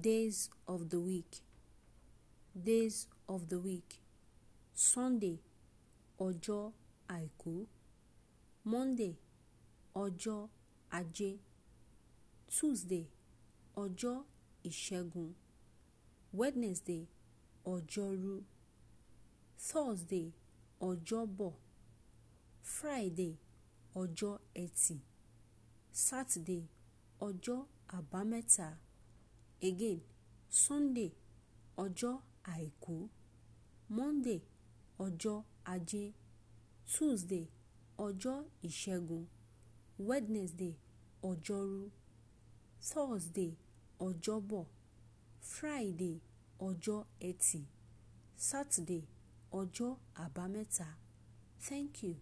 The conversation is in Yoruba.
Days of the week. Days of the week. Sunday, ọjọ́ àìkú. Monday, ọjọ́ ajé. Tuesday, ọjọ́ ìṣẹ́gun. Wednesday, ọjọ́rú. Thursday, ọjọ́bọ̀. Friday, ọjọ́ ẹtì. Saturday, ọjọ́ àbámẹ́ta again Sunday ọjọ́ àìkú Monday ọjọ́ ajé Tuesday ọjọ́ ìṣẹ́gun Wednesday ọjọ́rú Thursday ọjọ́bọ̀ Friday ọjọ́ ẹtì Saturday ọjọ́ àbámẹ́ta. Thank you.